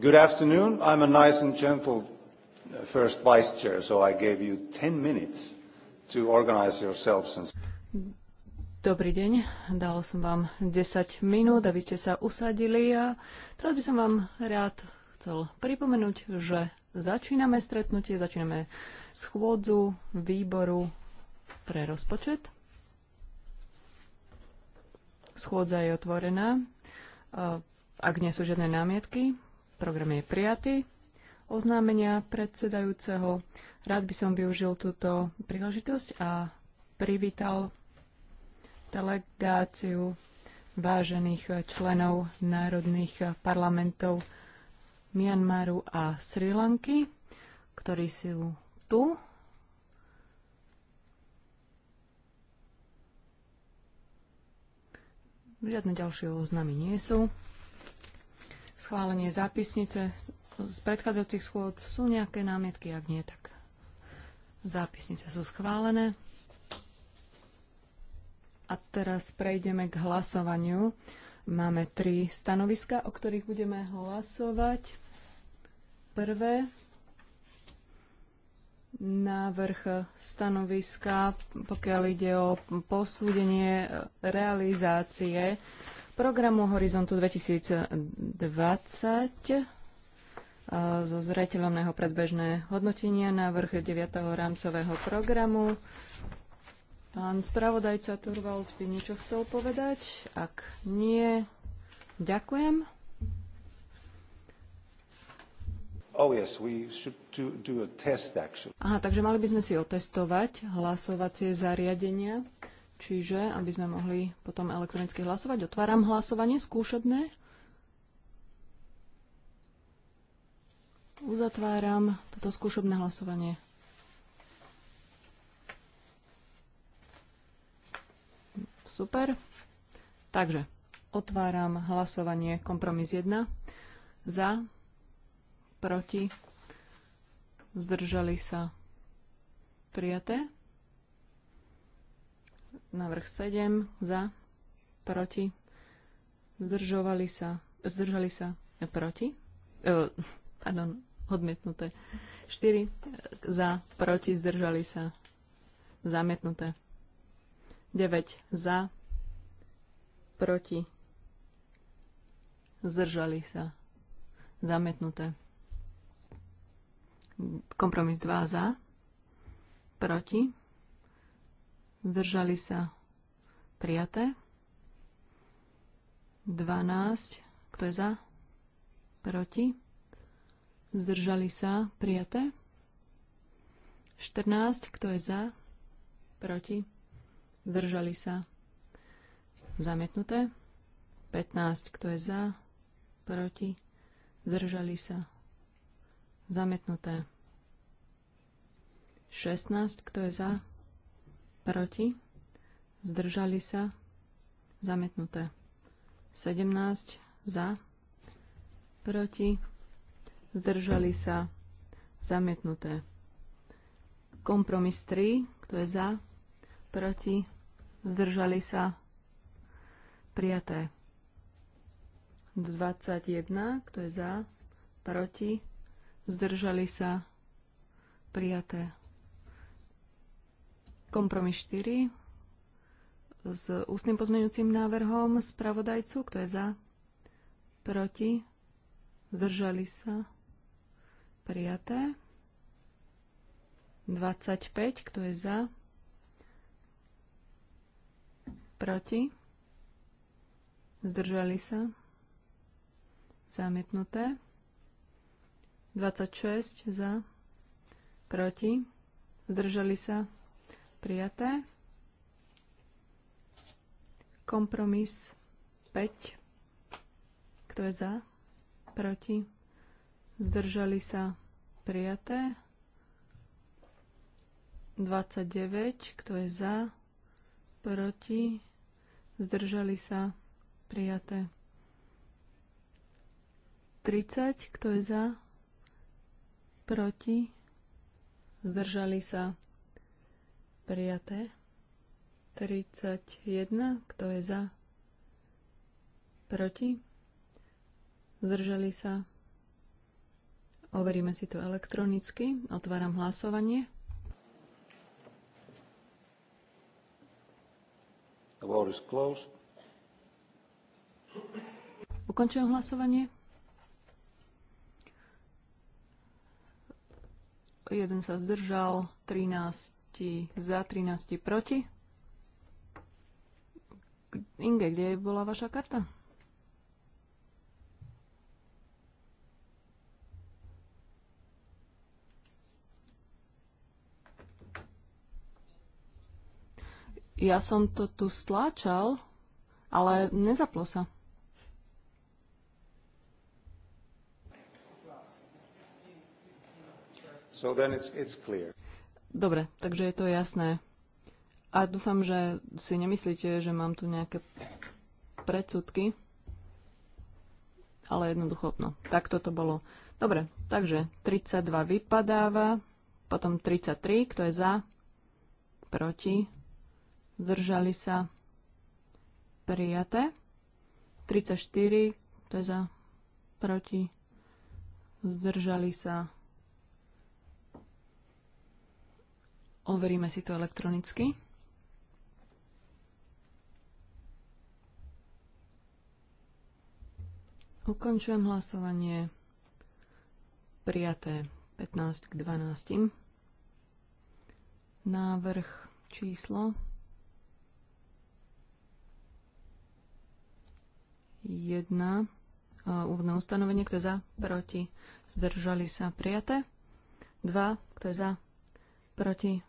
Good afternoon. I'm a nice and gentle uh, first vice chair, so I gave you 10 minutes to organize yourselves. And... Dobrý deň, dal som vám 10 minút, aby ste sa usadili a teraz by som vám rád chcel pripomenúť, že začíname stretnutie, začíname schôdzu výboru pre rozpočet. Schôdza je otvorená. Ak nie sú žiadne námietky, Program je prijatý. Oznámenia predsedajúceho. Rád by som využil túto príležitosť a privítal delegáciu vážených členov národných parlamentov Myanmaru a Sri Lanky, ktorí sú tu. Žiadne ďalšie oznámy nie sú schválenie zápisnice z predchádzajúcich schôd. Sú nejaké námietky? Ak nie, tak zápisnice sú schválené. A teraz prejdeme k hlasovaniu. Máme tri stanoviska, o ktorých budeme hlasovať. Prvé, návrh stanoviska, pokiaľ ide o posúdenie realizácie programu Horizontu 2020 e, so zreteľom na jeho predbežné hodnotenie návrh 9. rámcového programu. Pán spravodajca Torvalds by niečo chcel povedať? Ak nie, ďakujem. Oh yes, we should do, do a test, actually. Aha, takže mali by sme si otestovať hlasovacie zariadenia. Čiže, aby sme mohli potom elektronicky hlasovať, otváram hlasovanie skúšobné. Uzatváram toto skúšobné hlasovanie. Super. Takže otváram hlasovanie kompromis 1. Za, proti, zdržali sa, prijaté. Návrh 7 za, proti, zdržovali sa, zdržali sa, proti, e, pardon, odmietnuté. 4 za, proti, zdržali sa, zamietnuté. 9 za, proti, zdržali sa, zamietnuté. Kompromis 2 za, proti, Zdržali sa prijaté. 12. Kto je za? Proti. Zdržali sa prijaté. 14. Kto je za? Proti. Zdržali sa zamietnuté. 15. Kto je za? Proti. Zdržali sa zamietnuté. 16. Kto je za? Proti proti, zdržali sa, zamietnuté. 17 za, proti, zdržali sa, zamietnuté. Kompromis 3, kto je za, proti, zdržali sa, prijaté. 21, kto je za, proti, zdržali sa, prijaté. Kompromis 4 s ústnym pozmeňujúcim návrhom spravodajcu. Kto je za? Proti? Zdržali sa? Prijaté. 25. Kto je za? Proti? Zdržali sa? Zamietnuté. 26 za, proti, zdržali sa, prijaté. Kompromis 5. Kto je za? Proti? Zdržali sa? Prijaté. 29. Kto je za? Proti? Zdržali sa? Prijaté. 30. Kto je za? Proti? Zdržali sa? Prijaté. Prijaté. 31. Kto je za? Proti? Zdržali sa? Overíme si to elektronicky. Otváram hlasovanie. The vote is closed. Ukončujem hlasovanie. Jeden sa zdržal, 13 15 za, 13 proti. Inge, kde bola vaša karta? Ja som to tu stláčal, ale nezaplo sa. So then it's, it's clear. Dobre, takže je to jasné. A dúfam, že si nemyslíte, že mám tu nejaké predsudky. Ale jednoducho, no, tak toto bolo. Dobre, takže 32 vypadáva, potom 33, kto je za, proti, zdržali sa, prijaté. 34, kto je za, proti, zdržali sa, prijaté Overíme si to elektronicky. Ukončujem hlasovanie. Prijaté 15 k 12. Návrh číslo 1. Úvodné ustanovenie, kto je za, proti, zdržali sa, prijaté. 2. Kto je za, proti,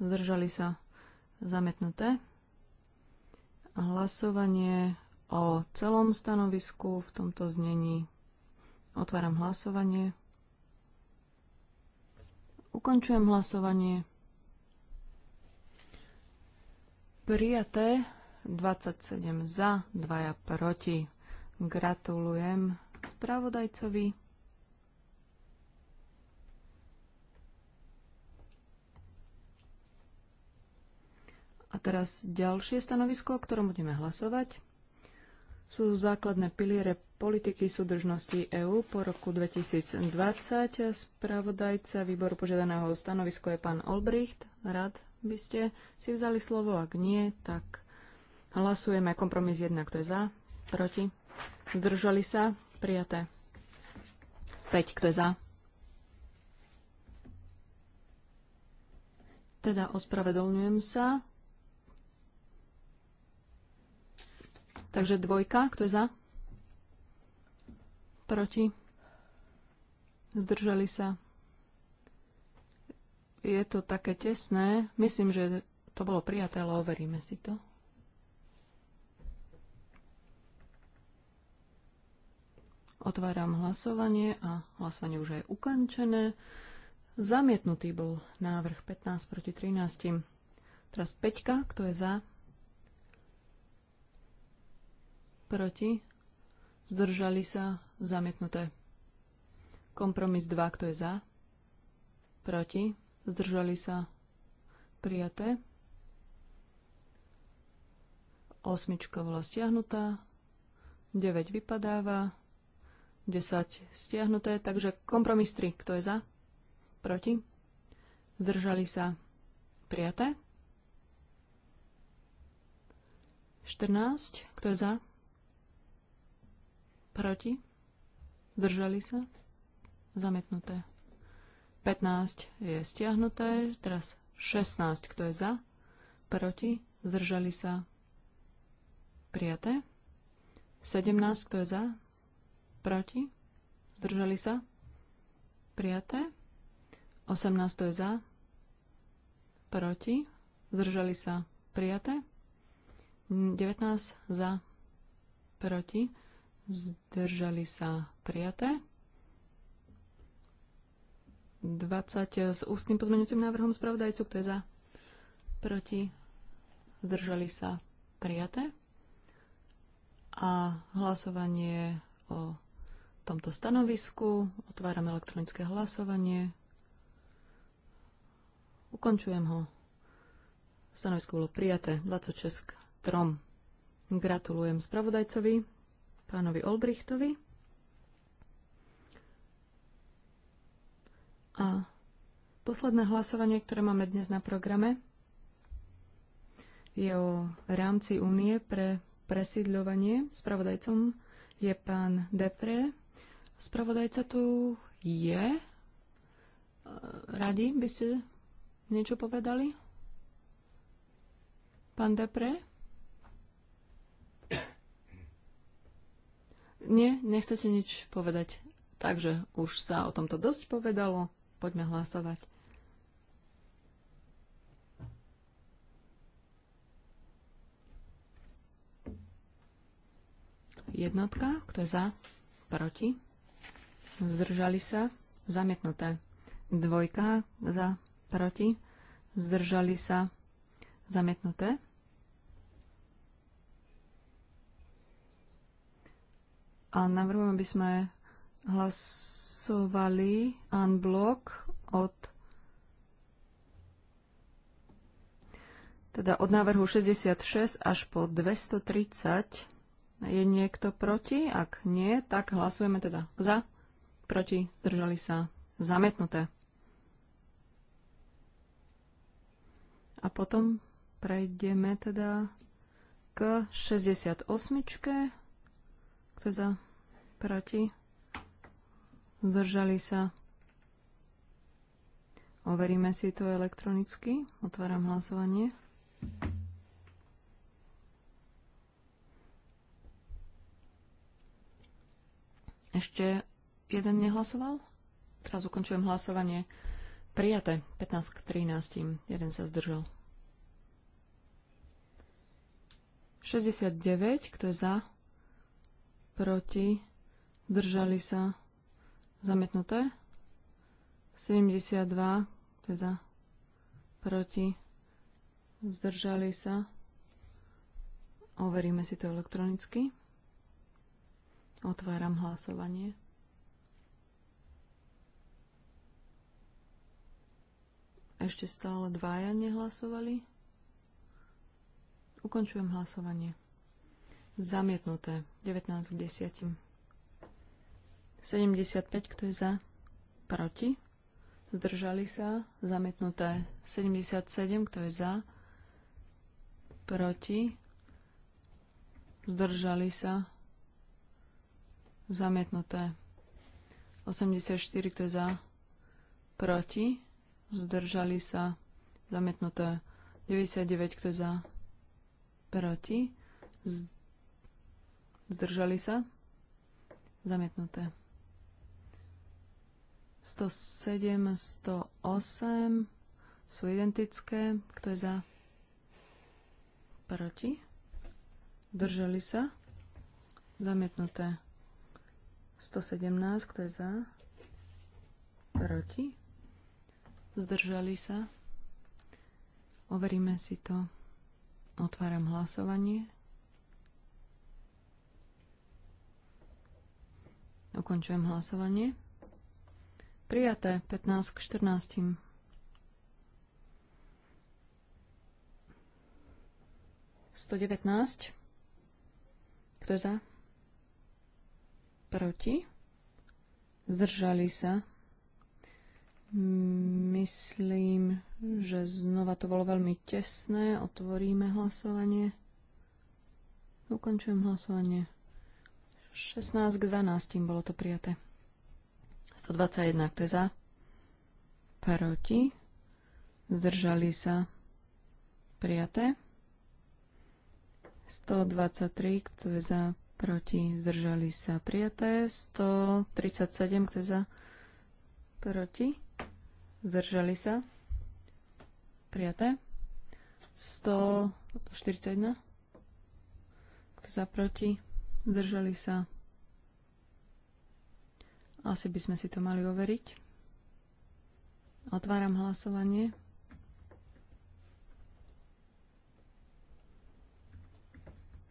zdržali sa zametnuté hlasovanie o celom stanovisku v tomto znení. Otváram hlasovanie. Ukončujem hlasovanie. Prijaté 27 za, 2 proti. Gratulujem spravodajcovi. teraz ďalšie stanovisko, o ktorom budeme hlasovať. Sú základné piliere politiky súdržnosti EÚ po roku 2020. Spravodajca výboru požiadaného stanovisko je pán Olbricht. Rád by ste si vzali slovo. Ak nie, tak hlasujeme. Kompromis 1, kto je za, proti. Zdržali sa, prijaté. 5, kto je za, teda ospravedlňujem sa. Takže dvojka, kto je za? Proti? Zdržali sa? Je to také tesné. Myslím, že to bolo prijaté, ale overíme si to. Otváram hlasovanie a hlasovanie už je ukončené. Zamietnutý bol návrh 15 proti 13. Teraz 5, kto je za? proti, zdržali sa, zamietnuté. Kompromis 2, kto je za, proti, zdržali sa, prijaté. Osmička bola stiahnutá, 9 vypadáva, 10 stiahnuté, takže kompromis 3, kto je za, proti, zdržali sa, prijaté. 14, kto je za, Proti? Zdržali sa? Zamietnuté. 15 je stiahnuté, teraz 16, kto je za? Proti? Zdržali sa? Prijaté. 17, kto je za? Proti? Zdržali sa? Prijaté. 18, kto je za? Proti? Zdržali sa? Prijaté. 19 za? Proti? zdržali sa prijaté. 20 s ústnym pozmeňujúcim návrhom spravodajcu, kto je za, proti, zdržali sa prijaté. A hlasovanie o tomto stanovisku. Otváram elektronické hlasovanie. Ukončujem ho. Stanovisko bolo prijaté 26 k 3. Gratulujem spravodajcovi pánovi Olbrichtovi. A posledné hlasovanie, ktoré máme dnes na programe, je o rámci únie pre presídľovanie. Spravodajcom je pán Depre. Spravodajca tu je. Radi by ste niečo povedali? Pán Depre? Nie, nechcete nič povedať. Takže už sa o tomto dosť povedalo. Poďme hlasovať. Jednotka, kto je za, proti, zdržali sa, zamietnuté. Dvojka, za, proti, zdržali sa, zamietnuté. a navrhujem, aby sme hlasovali unblock od teda od návrhu 66 až po 230. Je niekto proti? Ak nie, tak hlasujeme teda za, proti, zdržali sa, zamietnuté. A potom prejdeme teda k 68. Kto je za? proti, zdržali sa. Overíme si to elektronicky. Otváram hlasovanie. Ešte jeden nehlasoval? Teraz ukončujem hlasovanie. Prijaté 15 k 13. Jeden sa zdržal. 69, kto je za? Proti? Držali sa. Zamietnuté. 72, teda proti. Zdržali sa. Overíme si to elektronicky. Otváram hlasovanie. Ešte stále dvaja nehlasovali. Ukončujem hlasovanie. Zamietnuté. 19 k 10. 75, kto je za? Proti? Zdržali sa? Zamietnuté. 77, kto je za? Proti? Zdržali sa? Zamietnuté. 84, kto je za? Proti? Zdržali sa? Zamietnuté. 99, kto je za? Proti? Zdržali sa? Zamietnuté. 107, 108 sú identické. Kto je za? Proti? Držali sa? Zamietnuté. 117, kto je za? Proti? Zdržali sa? Overíme si to. Otváram hlasovanie. Ukončujem hlasovanie. Prijaté 15 k 14. Sto devätnásť. Kto je za? Proti? Zdržali sa. Myslím, že znova to bolo veľmi tesné. Otvoríme hlasovanie. Ukončujem hlasovanie. 16 k 12 bolo to prijaté. 121, kto je za? Proti. Zdržali sa. Prijaté. 123, kto je za? Proti. Zdržali sa. Prijaté. 137, kto je za? Proti. Zdržali sa. Prijaté. 141. Kto za proti? Zdržali sa. Asi by sme si to mali overiť. Otváram hlasovanie.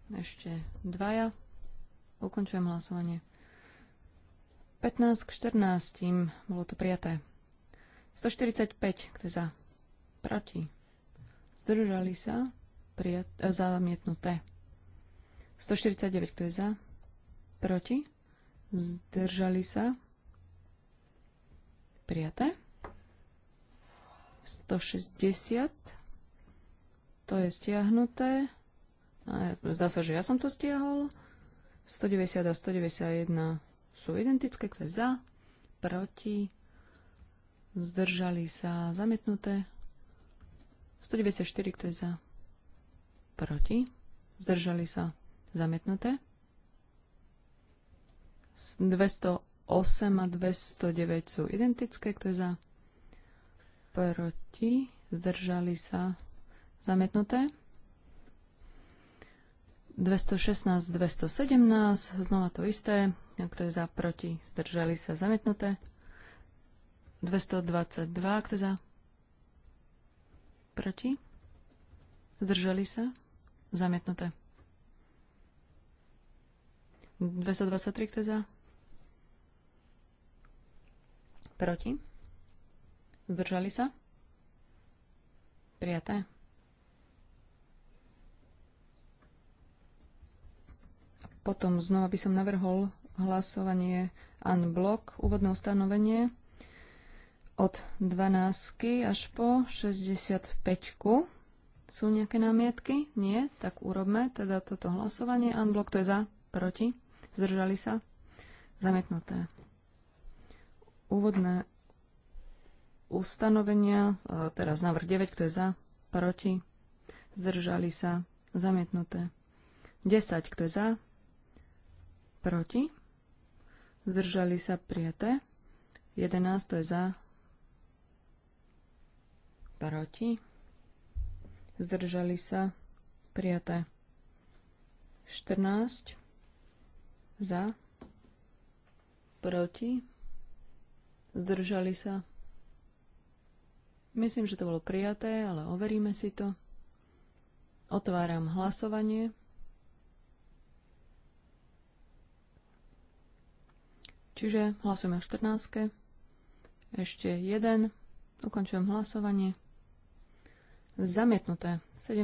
Ešte dvaja. Ukončujem hlasovanie. 15 k 14, bolo to prijaté. 145, kto je za? Proti. Zdržali sa? Prijat, e, zamietnuté. 149, kto je za? Proti. Zdržali sa? Prijaté. 160. To je stiahnuté. Zdá sa, že ja som to stiahol. 190 a 191 sú identické, kto je za, proti, zdržali sa, zamietnuté. 194, kto je za, proti, zdržali sa, zamietnuté. 200 8 a 209 sú identické. Kto je za? Proti. Zdržali sa. Zamietnuté. 216, 217, znova to isté. Kto je za, proti, zdržali sa, zamietnuté. 222, kto je za, proti, zdržali sa, zamietnuté. 223, kto je za, Proti? Zdržali sa? Prijaté. Potom znova by som navrhol hlasovanie unblock, úvodné ustanovenie od 12 až po 65. -ku. Sú nejaké námietky? Nie? Tak urobme teda toto hlasovanie. Unblock to je za, proti, zdržali sa, zamietnuté. Úvodné ustanovenia, e, teraz návrh 9, kto je za, proti, zdržali sa, zamietnuté. 10, kto je za, proti, zdržali sa, prijaté. 11, kto je za, proti, zdržali sa, prijaté. 14, za, proti, Zdržali sa. Myslím, že to bolo prijaté, ale overíme si to. Otváram hlasovanie. Čiže hlasujeme v 14. Ešte jeden. Ukončujem hlasovanie. Zamietnuté. 17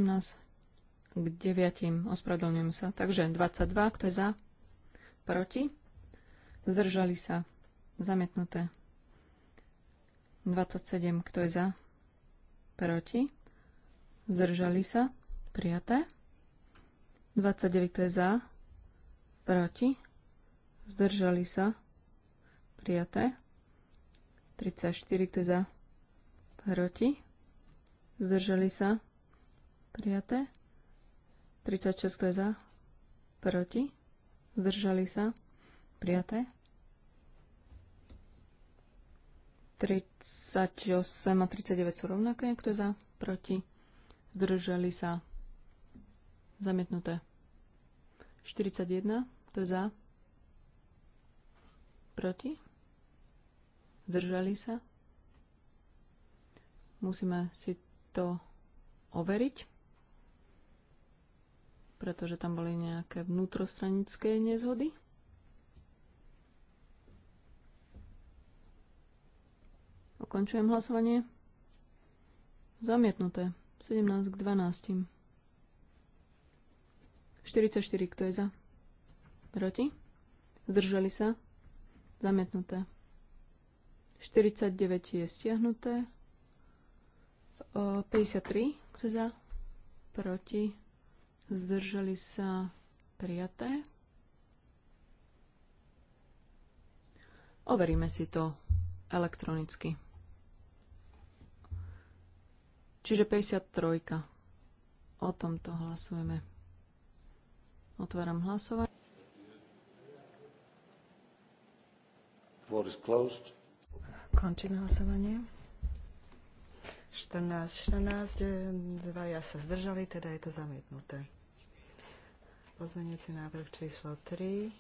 k 9. Ospravedlňujem sa. Takže 22. Kto je za? Proti? Zdržali sa. Zamietnuté. 27. Kto je za? Proti? Zdržali sa? Prijaté. 29. Kto je za? Proti? Zdržali sa? Prijaté. 34. Kto je za? Proti? Zdržali sa? Prijaté. 36. Kto je za? Proti? Zdržali sa? Prijaté. 38 a 39 sú rovnaké. Kto je za? Proti? Zdržali sa? Zamietnuté. 41. Kto je za? Proti? Zdržali sa? Musíme si to overiť, pretože tam boli nejaké vnútrostranické nezhody. Ukončujem hlasovanie. Zamietnuté. 17 k 12. 44, kto je za? Proti? Zdržali sa? Zamietnuté. 49 je stiahnuté. 53, kto je za? Proti? Zdržali sa? Prijaté. Overíme si to elektronicky. Čiže 53. O tomto hlasujeme. Otváram hlasovanie. Končím hlasovanie. 14, 14, dvaja sa zdržali, teda je to zamietnuté. Pozmeňujúci návrh číslo 3.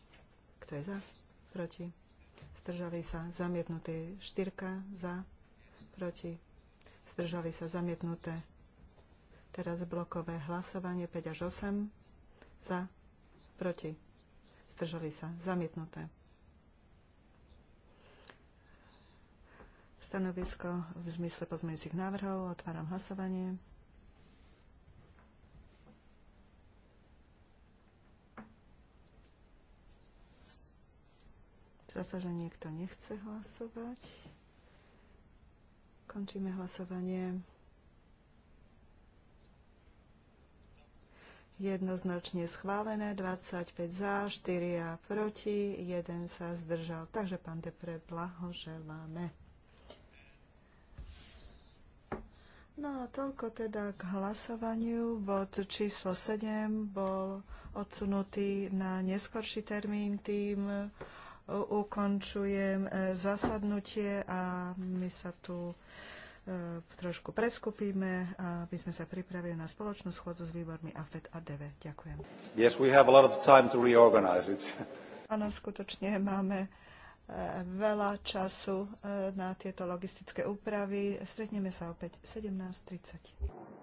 Kto je za? Proti? Zdržali sa. Zamietnutý 4. Za? Proti? zdržali sa zamietnuté. Teraz blokové hlasovanie 5 až 8, za, proti, zdržali sa zamietnuté. Stanovisko v zmysle pozmeňujúcich návrhov. Otváram hlasovanie. Zasa, sa, že niekto nechce hlasovať. Končíme hlasovanie. Jednoznačne schválené, 25 za, 4 a proti, 1 sa zdržal. Takže, pán Depre, blahoželáme. No a toľko teda k hlasovaniu. Bod číslo 7 bol odsunutý na neskorší termín tým, ukončujem e, zasadnutie a my sa tu e, trošku preskupíme, aby sme sa pripravili na spoločnú schôdzu s výbormi AFED a DV. Ďakujem. Yes, we have a lot of time to reorganize it. Áno, skutočne máme e, veľa času na tieto logistické úpravy. Stretneme sa opäť 17.30.